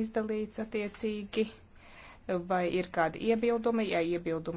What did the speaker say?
izdalīts attiecīgi, vai ir kādi iebildumi, ja iebildumi.